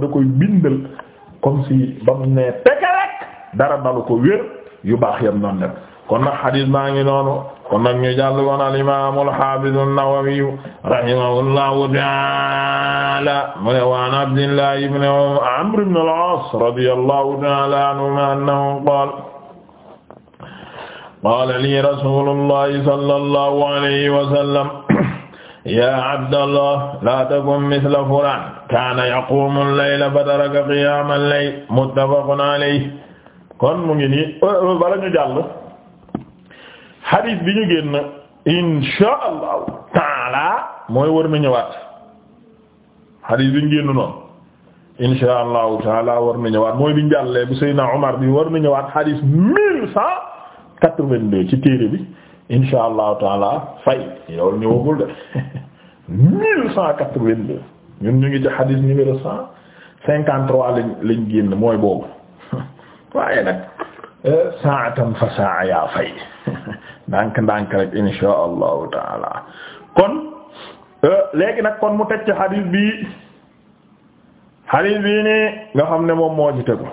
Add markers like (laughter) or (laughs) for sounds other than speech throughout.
borom da koy bindal comme si ba mu ne peke rek dara dalu ko wér yu baax yam noonu def kon nag xadiis baa ngi noonu kon nag ñu jàll woon al imaam al xaafiz an-Nawawi rahimahullahu taala mu ne waan Abdillah ibn Amr ibn al-As radiyallahu taala anhuma annahu qaala qaala li rasuulullahi sallallahu alayhi wa sallam yaa abdallah laa takun misla fulaan kaana yaqumu al-layla fataraka qiyaama al-layl muttafaqun alayhi kon mu ngi nii euh, euh, bala ñu jàll hadith bi ñu génn insha allahu taala mooy war na ñëwaat hadith bi ñu génn noonu insha allahu taala war na ñëwaat mooy bi ñu jàllee bu Seydina Omar bi war na ñëwaat hadith mille cent quatre-vingt-deux ci téere bi insha allahu taala fay yow ñëwagul de mille cent quatre-vingt-deux ñun ñu ngi ci xadiis numéro cent cinquante-trois lañ lañ génn mooy boobu (laughs) waaye nag euh, saatan fa saa yaa fay (laughs) ndànk ndànk rek insha allahu taala kon euh, léegi nag kon mu teg ci xadiis bi xadiis bi nii nga xam ne moom moo ci tegu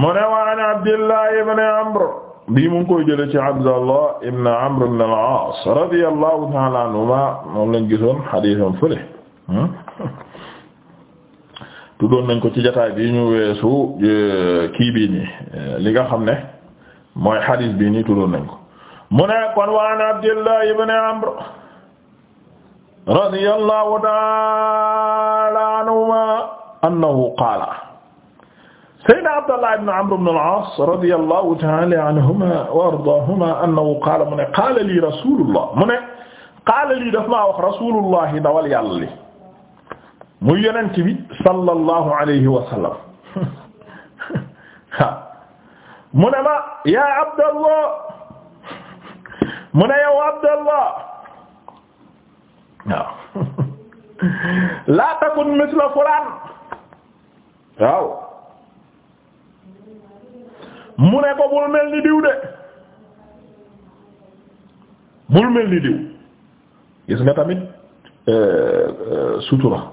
mu ne waa an Abdullah ibn Amr bii mu ngi koy jëlee ci Abdallah ibn Amr ibn al-Aas radiyallahu ta'ala anhuma moom lañ gisoon xadiisam fële tuddoon nañ ko ci jotaay bi ñu weesu euh, kii bii nii euh, li nga xam ne mooy xadiis bi nii tuddoon nañ ko wa an Abdillah ibn Amr radiyallahu ta'ala anhuma annahu qaala Sayyidina Abdallah ibn Amr ibn al-As radiyallahu ta'ala anhuma wa ardaahuma annahu qaala mu ne qaala lii rasulullah mu ne qaala lii daf maa wax rasulullah dawal yàlla li muy yonent bi sallallahu alayhi wa sallam mu ne ma yaa Abdallah mu ne yow Abdallah waaw laa takun misla fulaan waaw. mu ne ko bul mel ni diw de bul mel ni diw gis nga tamit euh, euh, sutura (laughs)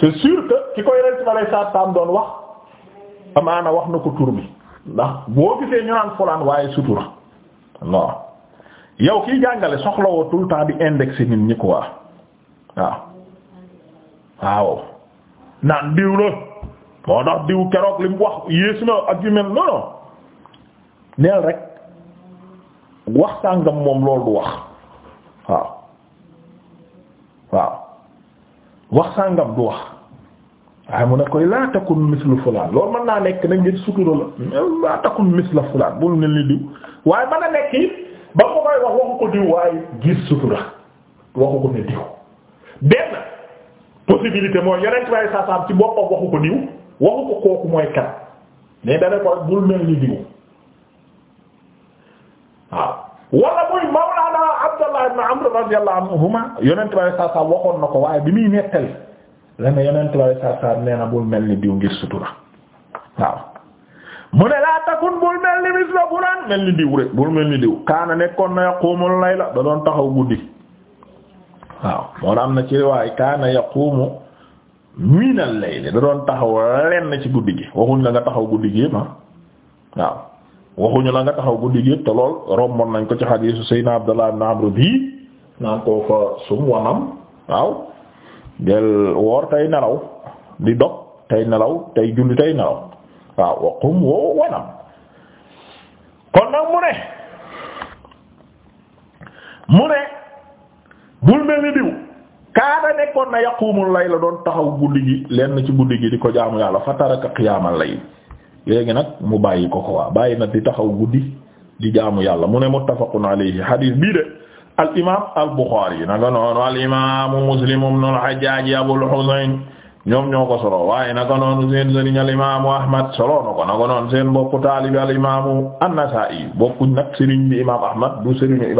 c'est sûr que ki koy rek ma lay saa saam doon wax amaana wax na ko tur bi ndax boo gisee ñu naan folaan waaye sutura yow kiy jàngale soxlawoo tout le temps di indexer nit ñi quoi waaw waaw naan diw moo tax diw keroog li mu wax yéesu na ak yu mel noonu neel rek wax sàngam moom loolu du wax waaw waaw wax sàngam du wax waaye mu ne koy laa takun mislu fulaan loolu mën naa nekk nag ngir sutura la laa takun misla fulaan bul ne li diw waaye mën a nekk it ba ko koy wax waxu ko diw waaye gis sutura waxu ko ne diw benn possibilité mooy yonent waaye saasaam ci boppam waxu ko diw waxu ko kooku mooy kan mais dana ko bul mel ni diw waaw wala muy mawlana Abdullah ibn Amr radiyallahu anhuma yonent bi saa saa waxoon na ko waaye bi muy nettali la ne yonent saa saa nee bul mel ni diw ngir sutura waaw mu ne laa takun bul mel ni misla fulaan mel ni diw bul mel ni diw kaana nekkoon na yaqumul layla da doon taxaw guddi waaw moo am na ci riwaay kaana yaqumu minal layli da doon taxaw lenn ci guddi gi waxuñ la nga taxaw guddi gi yëpp ah waaw waxuñu la nga taxaw guddi gi yëpp te lool romboon nañ ko ci xadiisu Seydina Abdallah ibn Amr bi naan koo fa sum wanam waaw del woor tey nelaw di dog tey nelaw tey julli nelaw waaw waqum woo wanam kon nag mu ne mu ne bul mel ni diw kaana nekkoon na yaqumul lay la doon taxaw guddi gi lenn ci guddi gi di ko jaamu yàlla fa taraka qiyaamal lay léegi nag mu bàyyi ko ko waa bàyyi na di taxaw guddi di jaamu yàlla mu ne muttafaqun alayhi hadith bii de al imaam al buxaari naka noonu al imaamu muslim ibn al hajjaaj abul husayn ñoom ñoo ko solo waaye naka noonu seen sëriñ al imaamu ahmad solo na ko naka noonu seen bokku taalibi al imaamu an-nasaa'i bokkuñ nag sëriñ imaam ahmad du sëriñu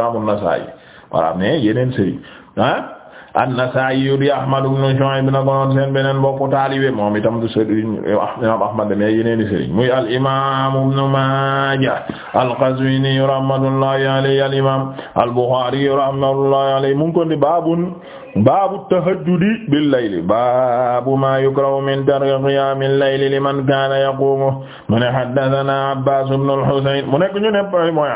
an-Nasaa'i di Ahmad ibn Shu'ayb na gonoon seen beneen mbokku taalibe moom itam du sëriñ imam Ahmad dama yeneeni sëriñ muy al-imaam Ibn Maaja al-Qazwiini rahmatullahi alayhi al-imaam al-Bukhaari rahmatullahi alayhi mu ngi ko di baabun baabu tahajjudi bil layli baabu maa yukrahu min tarki qiyaamil layli liman kaana yaquumu mu ne haddathanaa Abbaas ibn al-Husayn mu nekk ñu ne mooy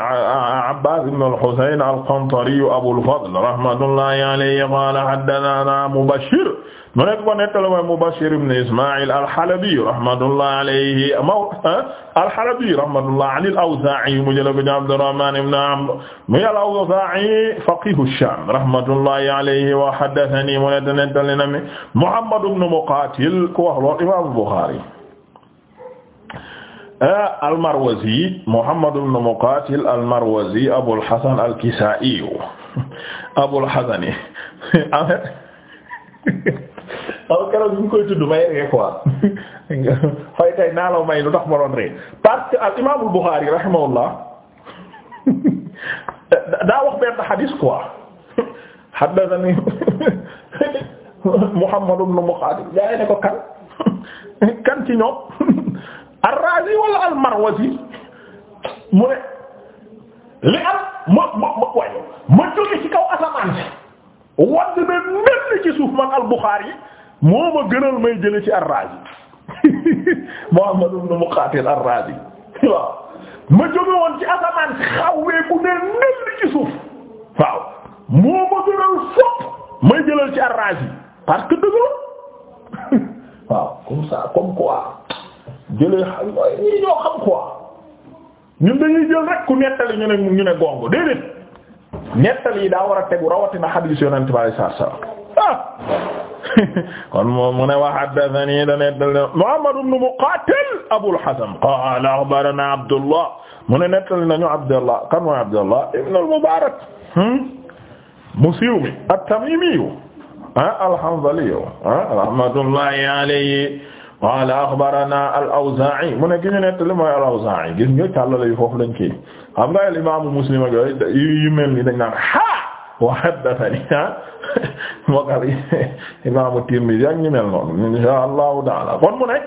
Abbaas ibn al-Husayn al-Qantari Abul Fadl rahmatullahi alayhi qaala haddathanaa Mubashshir mu nekk ko nettali mooy Mubashir ibn Ismaïl al-Halabi rahmatullahi alayhi maw al-Halabi rahmatullahi alayhi al-Awzaa'i mu jëlee ko ñu Abdurrahmaan ibn Amr muy al-Awzaa'i faqihu Shaam rahmatullahi alayhi wa haddathanii mu nekk nettali na mi Muhammad ibn Muqaatil ku wax lool Imaam Buxaari al-Marwazi Muhammad ibn Muqaatil al-Marwazi Abul Hasan al-Kisaa'i (laughs) Abul Hasan (laughs) xaw keroog ñu koy tudd may ree quoi (laughs) xëy tey naa la may lu tax ma doon ree parce que al imaamul Buxaari (laughs) daa wax benn xadiis quoi (laughs) ko kan kan ci ñoom ar al ma ma ma waaye ma jóge ci kaw asamaan si wadd ba mel ci al-Buxaari moo ma gënal may jële ci ar-Razi (laughs) Muhammad ibn Muqatil ar-Razi waaw ma jóge woon ci asamaan si xawwee bu ne nell ci suuf waaw moo ma gënal fopp may jëlal ci ar parce que dëgg (laughs) waaw comme ça comme quoi jëlee xam ñii dañuy jël ku nettali ñu ne ñu ne gongo déedéet nettali yi daa war a tegu rawatina xadiis Yonent bi sallallahu alayhi wasallam (laughs) kon moom mu ne wa haddathani da nettal Muhammad ibn Muqatil Abul Hasan qala akhbarana Abdullah mu ne nettal nañu Abdullah kan mooy Abdullah ibn al-Mubarak hmm? mu siiw mi at-Tamimi al-Hanzali rahmatullahi alayhi qala akhbarana al-Awza'i mu ne ki ñu nettali mooy al-Awza'i gis nga tàllal yi foofu lañ kii xam nga al-Imam Muslim ak yooyu yu mel ni dañ naan ha wa haddathani (laughs) mookal imaamu Tirmidhi ak ñu mel noonu insha Allahu taala kon mu ne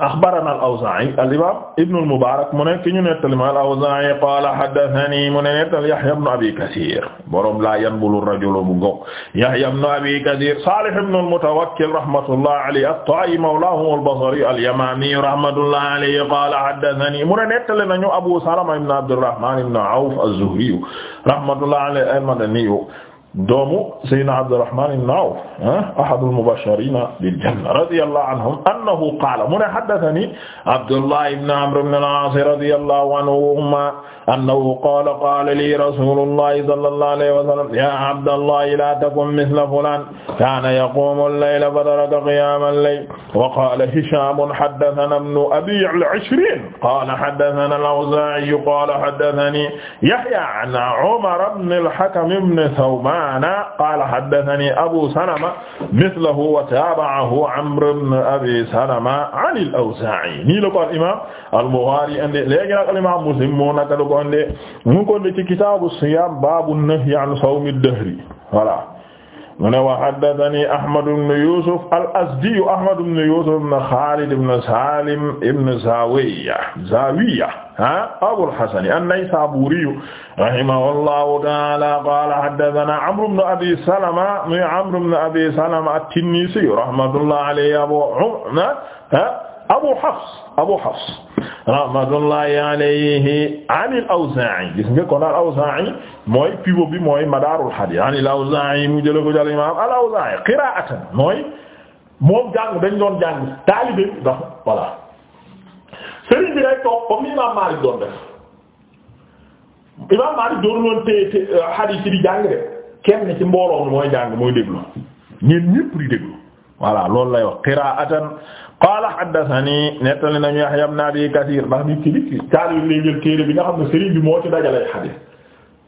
axbarana al-Awzaa'i al-imaam Ibn al-Mubaarak mu ne ki ñu nettali ma al-Awzaa'i qaala haddathanii mu ne nettali Yahya ibn Abi Kathiir borom laa yanbulu rajulu bu ngoog Yahya ibn Abi Kathiir Saalih ibn al-Mutawakkil rahmatullahi alayhi at-Taa'i mawlaahum al-Basri al-Yamaani rahmatullahi alayhi qaala haddathanii mu ne nettali nañu Abu Salama ibn Abdirrahmaan ibn Awf az-Zuhri rahmatullahi alayhi al-Madani doomu Seydina Abdurrahman ibn Awf ah, ahadul mubashirina bil janna radiyallahu anhum annahu qaala mu ne haddathani Abdullah ibn Amr ibn al-As radiyallahu anhuma annahu qaala qaala li rasulullah sallallahu alayhi wa sallam ya Abdallah la takun mithla fulan kana yaqumu al-layla fataraka qiyam al-layl wa qaala Hisham haddathana ibn abi al-Ishrin qaala haddathana al-Awza'i qaala haddathani Yahya an Umar ibn al-Hakam ibn Thawban Hammaana qaala haddathanii Abu Salama mithluhu wa taaba'ahu Amr ibn Abi Salama an al-Awzaa'i nii la ko al imaam al-Bukhaari andi léegi nag al imaam Muslim moo naka la ko andi mu ngi ko andi ci kitaabu siyaam baabu nahyi an sawmi dahri voilà mu ne wa haddathani Ahmad ibn Yusuf al-Azdi Ahmad ibn Yusuf ibn Khalid ibn Salim ibn Zawiya Zawiya ah Abul Hasan an-Naysaburi rahimahullahu ta'ala qala haddathana Amr ibn Abi Salama muy Amr ibn Abi Salama at-Tinnisi rahmatullahi alayhi Abu Hafs Abu Hafs rahmatullahi alayhi an al gis nga kon mooy pivot bi mooy madaarul hadiis an al mu jëlee ko jëlee imaam al-Awzaa'i qiraa'atan mooy moom jàng dañ doon jàng taalibe ndax voilà sëriñ bi rek toog comme imaam Maalik doon def imaam Maalik doon loon téye téye euh, hadiis yi di jàng de kenn ci mbooloo mooy jàng mooy déglu ñeen ñépp di déglu voilà loolu lay wax qaala haddathanii nettali nañu Yahya ibn Abi Kathir ndax nit ki nit taalibe lay jël téere bi nga xam ne sëriñ bi moo ci dajale xadiis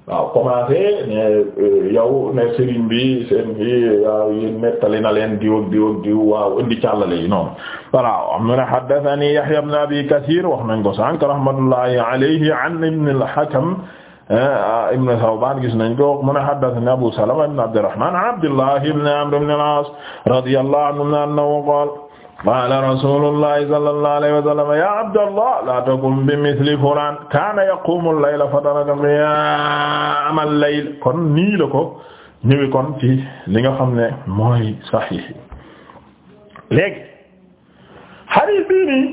waaw commencé ne euh, yow ne sëriñ bi seen bi waaw yéen nettali na leen diw ak diw ak diw waaw indi càllale yi noonu voilà am na haddathanii Yahya ibn Abi Kathir wax nañ ko sànq rahmatullahi alayhi an ibn al-Hakam ah, ibn Thawban gis nañ ko mu ne haddathanii Abu Salama ibn Abdirrahman an Abdullah ibn Amr ibn al-As radiyallahu anhu annahu qaala qaala rasuulullahi sallallahu alayhi wa sallam ya abdallah la takum bi misli fulaan kaana yaqumu layla fa taraka qiyaam al-layl kon nii la ko ñëwi kon ci li nga xam ne mooy saxiix yi léegi xadiis bii nii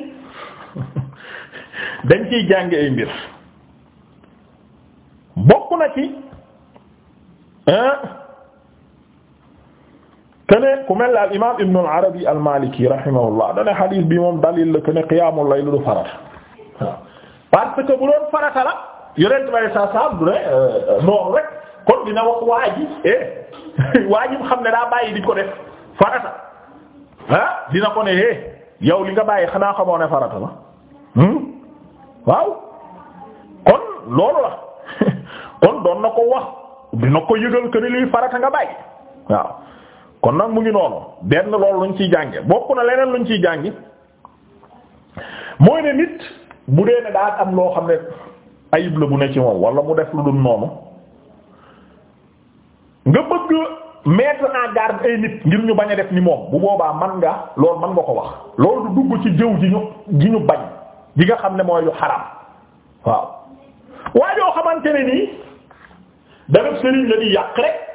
(laughs) dañ ciy jànge ay mbir bokk na ci kene ku mel ne al imaam Ibn al-Arabi al-Maliki rahimahullah euh, kon dina wax waaji eh, (laughs) xam ne daa bàyyi di ko def farata eh, li nga bàyyi xanaa xamoo ne farata la hmm? loolu la (laughs) kon doon na ko wax dina ko yëgal kene liy farata nga bàyyi waaw kon nag mu ngi noonu benn loolu luñ ciy jànge bokk na leneen luñ ciy jàngi mooy ne nit bu dee ne daan am loo xam ne ayib la bu ne ci moom wala mu def lu dul noonu nga bëgg mettre en garde ay nit ngir ñu bañ a def ni moom bu boobaa man nga loolu man nga ko wax loolu dugg ci jëw ji ñu ji ñu bañ ji nga xam ne mooy lu xaram waaw waa joo xamante ne nii dara sëriñ la di yàq rek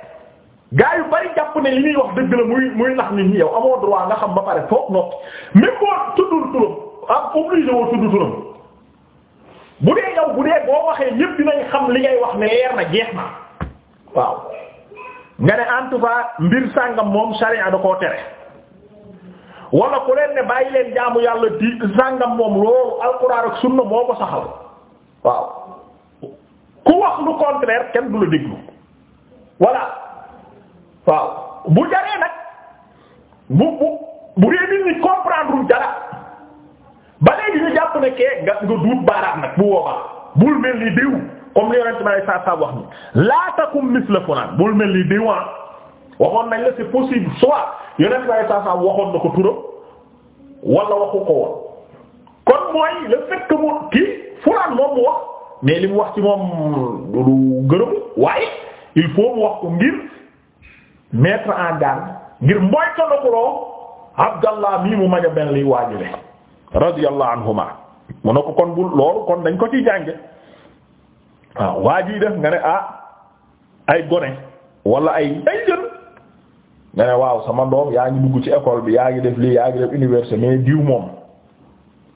gaa yu bari jàpp ne li ñuy wax dëgg la muy muy nax nit ñi yow amoo droit nga xam ba pare foog noppi même boo tuddul turam am bu dee yow bu dee boo waxee ñépp dinañ xam li ngay wax ne leer na jeex na waaw nga ne en tout cas mbir sàngam moom sharia da koo tere wala ku leen ne bàyyi leen jaamu yàlla di sàngam moom loolu alxuraan ak sunna moo ko saxal waaw ku wax lu contraire kenn du la déglu voilà waaw bu jaree nag bu bu bu dee nit ñi comprendre dara ba léegi ñu jàpp ne nga nga duut baaraam nag bu boobaa bul mel ni diw comme li yonent ma saa saa wax ni laa takum misla fulaan bul mel ni diw ah. waxoon nañ la c'est possible soit yonent ma saa saa waxoon na ko turam wala waxu woon kon mooy le fait que kii fulaan moom mu wax mais li mu wax ci moom du gërëm waaye il faut mu wax ko ngir. mettre en garde ngir mboytandakuloo abdallah mii mu mañ a benn liy waajule radiyallahu anhuma mu ne ko kon bu loolu kon dañ ko ci jànge waaw waa ji def nga ne ah ay gone wala ay ay jën nga ne waaw sama doom yaa ngi dugg ci école bi yaa ngi def lii yaa ngi def université mais diw moom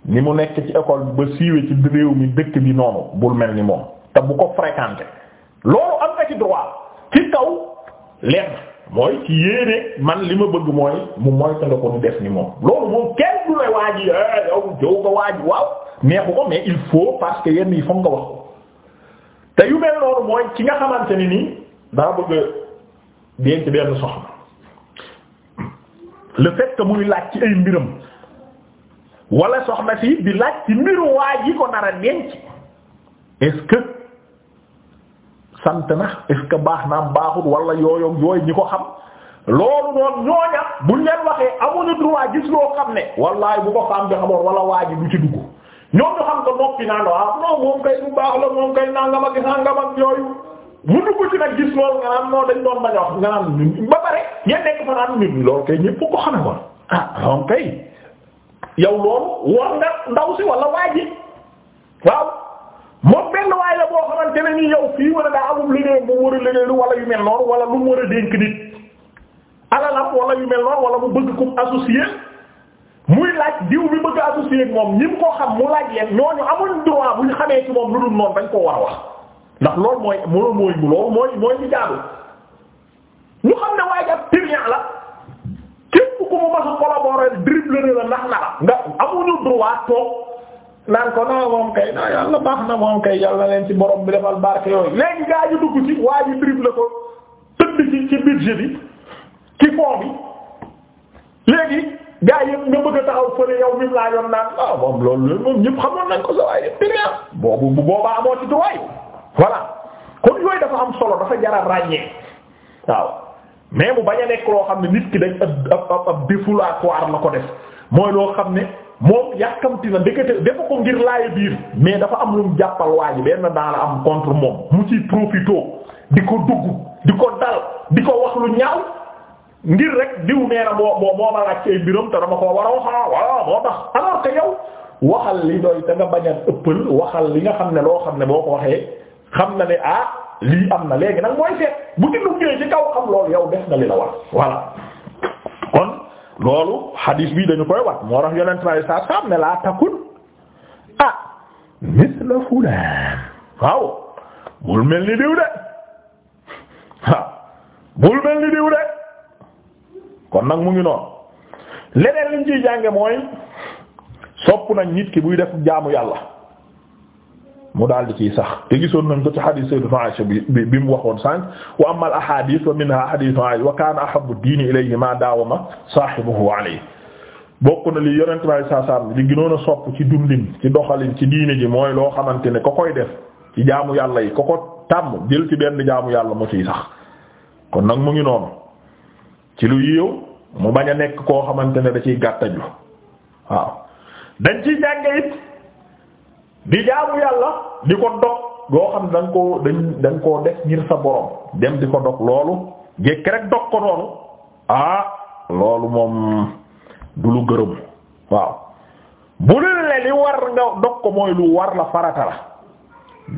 ni mu nekk ci école bi ba siiwee ci réew mi dëkk bi noonu bul mel ni moom te bu ko fréquenter loolu am na ci droit ci kaw lenn mooy ci yéene man li ma bëgg mooy mu mooy ta nga ko ni def ni moom loolu moom kenn du ne waa ji eh, yow jow nga waa waaw neexu ko mais il faut parce que yenn yi foog nga wax ko te yu mel noonu mooy ki nga xamante ni nii daa bëgg denc benn soxna le fait que muy laaj ci ay mbiram wala soxna di laaj ko nar denc est-ce que sant na est baax naam baaxut wala yooyu yooyu ñi ko xam loolu noonu ñooña buñ leen waxee amuñu loo xam ne wallaay bu ko faam bi xamoon wala du ci bu ah, baax la moom kay nangam ak nangam ak yooyu mu dugg ci nag gis loolu nga naan a wax ba pare yéen nekk fa naan nit loolu ah, kay yow loolu war nga ndaw si wala waa ji waaw. moom benn waay la boo xamante ne ni yow fii wala daa amul liggéey bu war a liggéey wala yu mel noonu wala lu mu war a dénk nit alalam wala yu mel noonu wala mu bëgg kum associé muy laaj diw bi bëgg associé moom ñi koo xam mu laaj leen ñooñu amul droit bu ñu xamee ci moom lu dul noonu dañ koo war wax ndax lool mooy mënoo mooy bu loolu mooy mooy li jaadu ñu xam ne waaye ab pilier la képp ku mu mas a collaborer dribble naan ko non moom kay non yàlla baax na moom kay yàlla leen ci borom bi defal barke yooyu léegi gaa ji dugg ci waa ji dribble ko tëdd ci ci budget bi ci fond bi léegi gaa yëpp nga bëgg a taxaw fële yow mi laa yoon naan ah moom loolu loolu moom ñëpp xamoon nañ ko sa waaye yëpp dëgg boobu bu boobaa amoo ci tuwaay voilà kon yooyu dafa am solo dafa jar a ràññee waaw mais mu bañ a nekk loo xam ne nit ki dañ ab ab ab défulatoire la ko def mooy loo xam ne. moom yàkkamti na ndekete dafa ko ngir laaj biir mais dafa am lu mu jàppal waa ji benn daa am contre moom mu ciy profité di ko dugg di ko dal di ko wax lu ñaaw ngir rek diw nee na moo moo ma laaj ci ay te dama ko war a waxaa ah, walla moo tax alors que yow waxal li doy da nga a ëppal waxal li nga xam ne loo xam ne boo ko waxee xam na ne ah lii am na léegi nag mooy seet bu ci duggee ci kaw xam loolu yow def na li la war voilà kon. loolu hadis bi dañu koy wax moo tax yonent bi saa saam ne laa takun ah misla la waaw bul mel ni diw de waaw ah, mel ni diw de kon nag mu ngi noonu leneen liñ ciy jànge mooy sopp nañ nit ki buy def jaamu yàlla mu daal di ciy sax te gisoon nañ ko ci hadith Sayyidatu Aisha bi bi mu waxoon sànq wa amma al ahadith wa minha hadith Aisha wa kana ahabbu ad-din ilayhi ma dawama sahibuhu alayhi bokk na li yonent bi saa saa li ginoon a sopp ci dundin ci doxalin ci diine ji mooy loo xamante ne ko koy def ci jaamu yàlla yi ko ko tàmm jël ci benn jaamu yàlla mu ciy sax kon nag mu ngi noonu ci lu yiw mu bañ a nekk koo xamante ne da ciy gàttaju waaw dañ ciy jànge it di jaamu di ko dog goo xam da nga koo dañ da nga koo def ngir sa borom dem di ko dog loolu jekk rek dog ko noonu ah loolu moom du lu gërëm waaw bu dul ne li war nga dog ko mooy lu war la farata la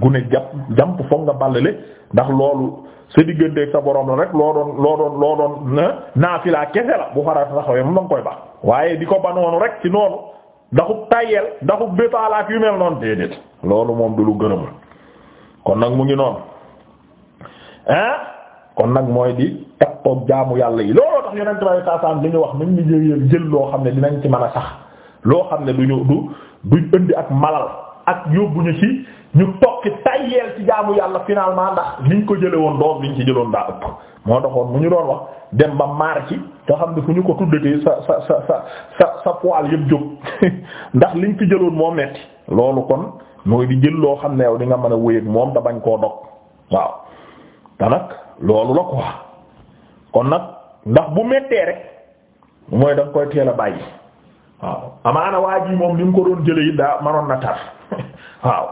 gune jàpp jàmp foog nga ballale ndax loolu sa digganteeg sa borom la rek loo doon loo doon loo doon eh, naafila kese la bu farata la xawee moom da nga koy bax waaye di ko ba noonu rek ci noonu. ndaxub tayel ndaxub bépaalaak yu mel noonu déedéet loolu moom du lu gërëm kon nag mu ngi noonu ah kon nag mooy di takkoog jaamu yàlla yi looloo tax yonent bi saa saa li ñu wax nañ ñu jël jël loo xam ne dinañ ci man a sax loo xam ne du ñu du duñ indi ak malal ak yóbbuñu ci ñu tokki tayyeel ci jaamu yàlla finalement ndax liñ ko jële woon doom liñ ci jëloon daa ëpp moo taxoon mu ñu doon wax dem ba maar ci nga xam ne fu ñu ko tuddatee sa sa sa sa sa sa poil yëpp jóg (laughs) ndax liñ ci jëloon moo metti loolu kon mooy di jël loo xam ne yow di nga mën a wéy ak moom te bañ koo dog waaw te nag kon nag ndax bu mettee mooy da koy teel a bàyyi waaw mu ko doon jële yi daa manoon na tar (laughs) waaw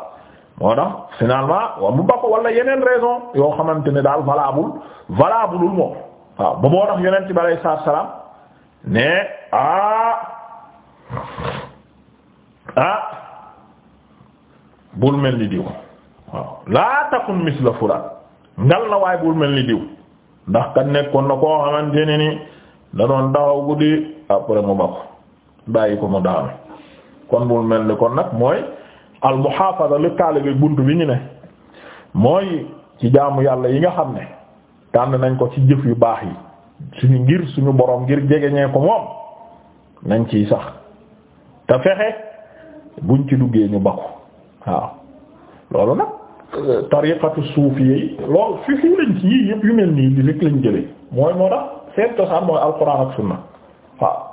moo tax finalement wa mu bako wala yeneen raison yoo xamante ne daal valable valableul moom waaw ba moo tax yonent bi alayhi salaatu salaam ne ah ah bul mel ni diw waaw laa takun misla fulaan ngal na waaye bul mel ni diw ndax kat nekkoon na koo xamante ne ni taxaw guddi après mu bako bàyyi ko mu daanu kon bul mel ni kon nag mooy al muhaafada li taalibe bunt bi ñu ne mooy ci jaamu yàlla yi nga xam ne tànn nañ ko ci jëf yu baax yi suñu ngir suñu boroom ngir jegeñee ko moom nañ ciy sax te fexe buñ ci duggee ñu bakku waaw loolu nag tariqatu suuf yi loolu fi fii lañ ci yii yëpp yu mel nii li rek lañ jëlee mooy moo tax seen cosaan mooy alquran ak sunna waaw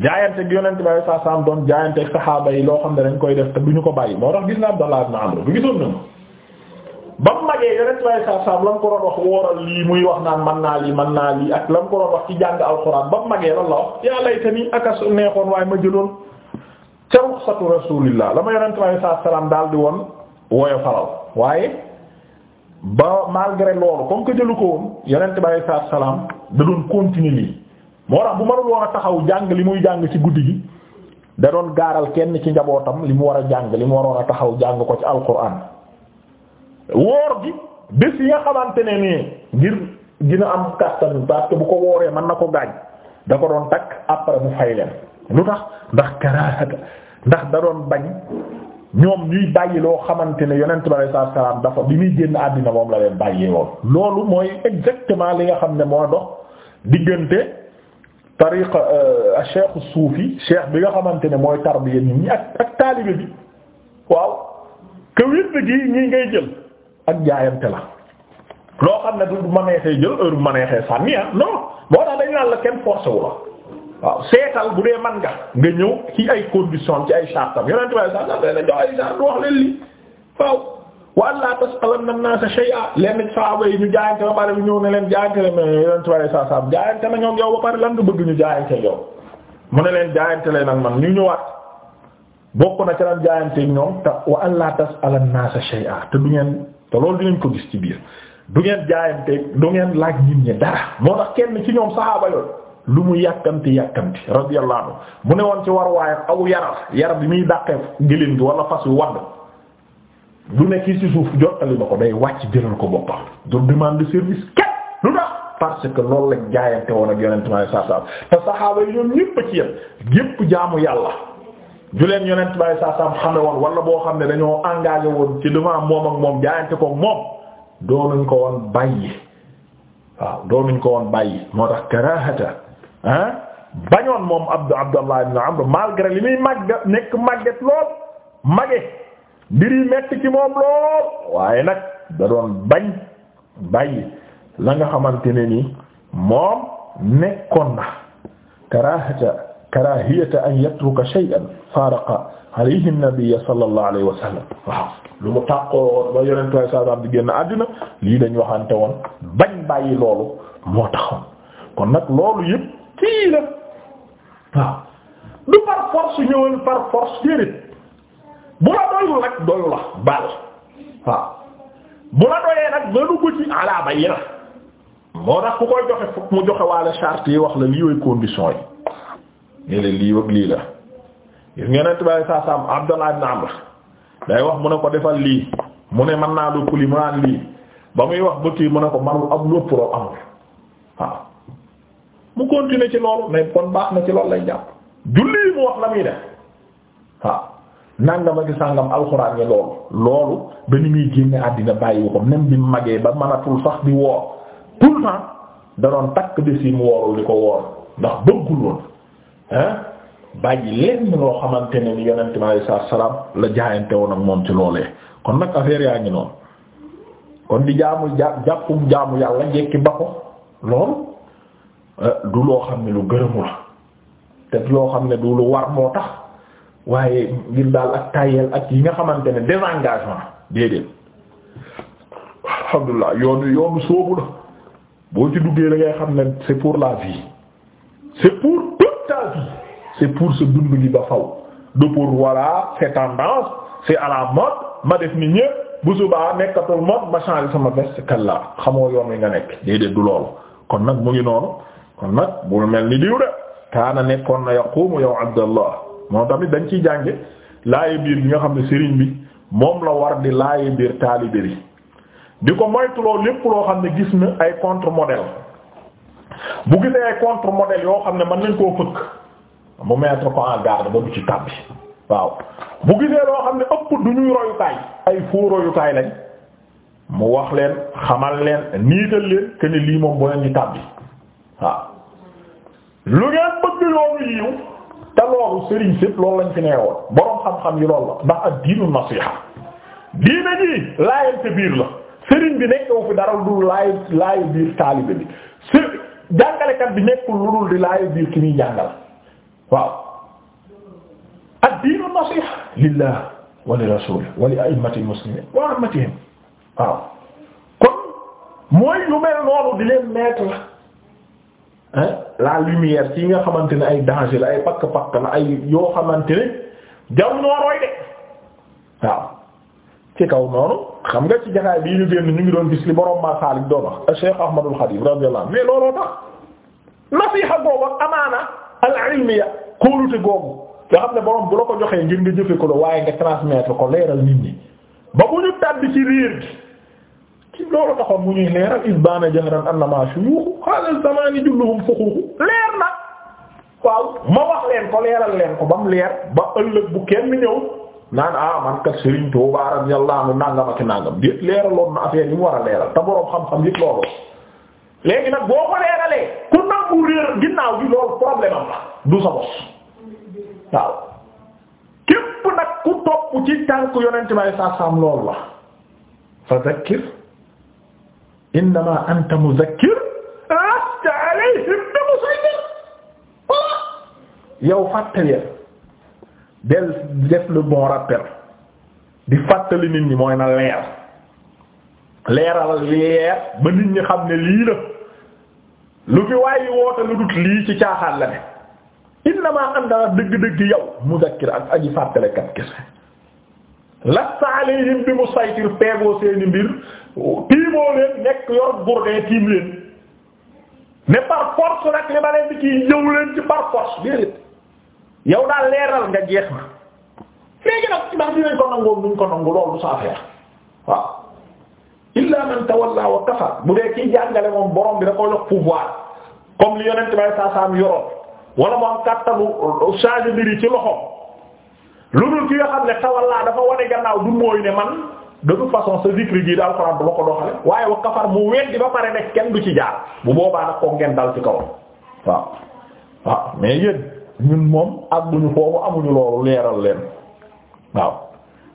jaayante gi yonent bi saa saam doon jaayante saxaaba yi loo xam ne dañ koy def te du ñu ko bàyyi moo tax gis naa Abdallah ibn Amr bu gisoon nañu ba mu magee yonent bi saa saam la mu ko doon wax wooral lii muy wax naan man naa lii man naa lii ak la mu ko doon wax ci jàng alxuraan ba mu magee lan la wax yaa laytani akas neexoon waaye ma jëloon ca ruxsatu rasulillah la ma yonent bi saa saam daal di woon wooyo falaw waaye ba malgré loolu comme que jëlu ko woon yonent bi saa saam da doon continuer lii moo tax bu mënul woon a taxaw jàng li muy jàng ci guddi gi da doon gaaral kenn ci njabootam li mu war a jàng li mu waroon a taxaw jàng ko ci alquran woor gi bés yi nga xamante ne nii ngir dina am kàttan parce que bu ko wooree mën na ko gaañ da ko doon takk après mu fay leen lu tax ndax karaahata ndax da doon bañ ñoom ñuy bàyyi loo xamante ne yonent bi alayhi salaatu salaam dafa bi muy génn àddina moom la leen bàyyee loolu mooy exactement li nga xam ne moo dox diggante tariqa euh, cheikh suufi cheikh bi nga xamante ne mooy tarbiya nit ñi ak ak taalibe bi waaw que wér gi ngay jël ak jaayante la loo xam ne du maneexee jël heure bu maneexee sànni ah non moo tax dañu naan la kenn forcé wu la waaw seetal bu dee man nga nga ñëw ci ay conditions ci ay chartes am yeneen tubaab yi sax dañ wax leen lii waaw. wa allah tasalanna an-naasa shay'a lenn saaba yi ñu jaayante ba pare ñëw ne leen jaayante ne mais yéen tubaab yi saa saa jaayante na ñoom yow ba pare lan nga bëgg ñu jaayante yow mu ne leen jaayante leen ak man ñu ñëwaat bokk na ci lan jaayante ñoom te wa allah tasalanna an-naasa te du ngeen te loolu dinañ ko gis ci biir du ngeen jaayante du ngeen laaj nit ñi dara moo tax kenn ci ñoom saaba yoon lu mu yàkkamti yàkkamti radiyallahu anhu mu ne woon ci war waaye aw yaram yaram bi muy dàqee gëléem gi wala fas wi wadd du nekk ci suuf jottali ma ko day wàcc jëral ko boppam du demande service kat lu tax parce que loolu lañ jaayante woon ak yonent bi saa saam te saxaaba yi ñoom ñépp ci yem gépp jaamu yàlla ju leen yonent bi saa saam xame woon wala boo xam ne dañoo engagé woon ci devant moom ak moom jaayante ko moom doonuñ ko woon bàyyi waaw doonuñ ko woon bàyyi moo tax karahata ah, bañoon moom Abdu Abdallah ibn Amr malgré li muy màgg nekk màgget lool màgge mbir yi metti ci moom lool waaye nag da doon bañ bàyyi la nga xamante ne ni moom nekkoon na karahata karahiyata an yatruka shay'an faraqa alayhi an sallallahu alayhi wa lu mu tàqoo ba yonentu way saasam di génn àddina lii dañ waxante woon bañ bàyyi loolu moo taxoon kon nag loolu yëpp la du par force ñëwal par bu la doyul la baal waaw bu la doyee nag nga dugg ci ala bayina moo tax ku koy joxe fokk mu joxe waale charte yi wax la lii way condition yi ne lii wag lii la gis nga ne tubaab saa saam Abdallah ibn Amr day wax mu ne ko defal lii mu ne man naa lu kuli mu naan lii ba muy wax ba kii mu ne ko manul am lépp loo amul waaw mu continuer ci loolu mais kon baax na ci loolu lay jàpp julli mu wax la muy def waaw nangam ak sàngam alxuraan yi loolu loolu ba ni muy génne àddina bàyyi ko même bi magee ba mënatul sax di woor tout da doon takk bés yi woorul di ko woor ndax bëggul woon ah bàyyi leen loo xamante ne ni yonent bi alayhi salaatu salaam la jaayante woon ak moom ci loolee kon nag affaire yaa ngi noonu kon di jaamu ja jàppum jaamu yàlla jekki ba ko loolu euh, du loo xam ne lu gërëmu la te loo xam ne du lu war moo tax. waaye ngir daal ak tayel ak yi nga xamante ne désengagement déedéet alhamdulilah yoonu yoonu sóobu la boo ci duggee da xam ne c'est pour la vie c'est pour toute ta vie c'est pour sa dund gi ba faw de pour voilà c'est tendance c'est à la ma def ni ñëpp bu subaa nekkatul mode ma changer sama veste kalla xamoo yoon yi nga nekk déedéet du loolu kon nag mu ngi noonu kon nag bul mel ni diw de kaana nekkoon na yaqumu yow abdallah moom tamit dañ ciy jànge laaye biir bi nga xam ne sëriñ bi moom la war di laaye biir taalibe bi di ko moytuloo lépp loo xam ne gis na ay contre modèle bu gisee ay contre modèle yoo xam ne mën nañ koo fëkk mu mettre ko a garde ba du ci tàbbi waaw bu gisee loo xam ne ëpp du ñuy royukaay ay faux royukaay lañ mu wax leen xamal leen niital leen que lii moom bu leen tàbbi waaw lu ngeen bëgg yoonu yiw te loolu sëriñ sépp loolu lañ fi neewoon borom xam-xam yi loolu la ndax ak diinu nasiha diina ji laayante biir la sëriñ bi nekkewu fi dara du laay laayu biir taalibe bi di laayu biir ki muy jàngal waaw ak diinu lillah wa li rasul wa muslimin wa ammatihim waaw kon di leen mettre la lumière ci nga xamante ne ay danger la ay pakk pakk na ay yoo xamante ne jaw noorooy de waaw ci kaw noonu xam nga ci jaxaay bii ñu génn ñu ngi doon gis li borom ma xaalis doon wax Cheikh Ahmadul Xadim radiyallahu anhu mais looloo tax nasiha googu ak amaana al ilmiya kóolute googu nga xam ne borom bu la ko joxee ngir nga jëfe ko la waaye nga transmettre ko leeral nit ñi ba bu ñu tàbbi ci riir gi ci loolu taxoon mu ñuy leeral isbaana jahran annama shuyuukhu haadha zamaani julluhum fuxuuxu leer na waaw ma wax leen ko leeral leen ko ba mu leer ba ëllëg bu kenn ñëw naan ah man kat Serigne Touba radiyallahu anhu nangam ak nangam déet leeraloon na affaire yi mu war a leeral te boroom xam-xam yëpp loolu léegi nag boo ko leeralee ku nangu réer ginnaaw bi loolu problème am du sa waaw képp nag ku topp ci tànk yonent bay saasam loolu la fa zakkir innama anta muzakkir lasta alayhim bi musaytir ah! yow fàttali del def le bon rappel di fàttali nit ñi mooy na leer leeral leer ba nit ñi xam ne lii la lu fi waayi woote lu dut lii ci caaxaan la ne innama anta dëgg-dëgg yow muzakkir ak aji fàttalekat kese lasta alayhim bi musaytir peegoo seeni mbir tiimoo leen nekk yor burdee tiim leen ne par force li ma leen di kii ñëw leen ci par force déedéet yow daal leeral nga jeex na léegi nag ndax dinañ ko nangoon ko nangu loolu sa affaire waaw man tawalla wa kafar bu dee kii jàngale moom borom bi da ko jox pouvoir comme li yonent bay saa saam yoroon ci loxoom ki nga xam ne tawalla dafa wane gannaaw du mooy ne man de toute façon sa zikri ji daal Alxuraan du ma ko doxale waaye wa kafar mu weddi ba pare nekk kenn du ci jaar bu boobaa nag ko ngeen dal ci kaw waaw waaw mais yéen ñun moom àgguñu foofu amuñu loolu leeral leen waaw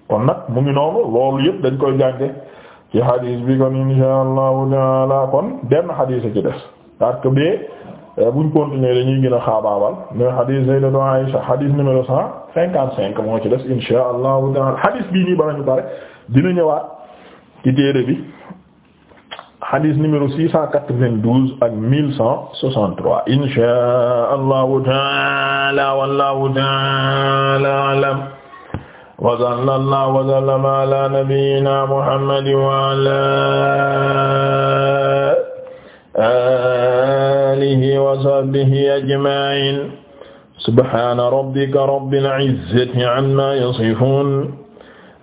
kon nag mu ngi noonu loolu yëpp dañ koy jànge ci xadiis bi kon insha allahu taala kon benn xadiis a ci des parce que bee euh, buñ continuer dañuy gën a xaabaabal mooy xadiis sayyidatu Aïsha xadiis numéro cent cinquante cinq moo ci des insha dina ñëwaat ci téere bi hadith numéro 692 ak 1163 insha allahu taala wallahu taala alam wa sallallahu wa sallama ala nabiyyina muhammadin wa ala alihi wa sahbihi ajma'in subhana rabbika rabbil izzati amma yasifun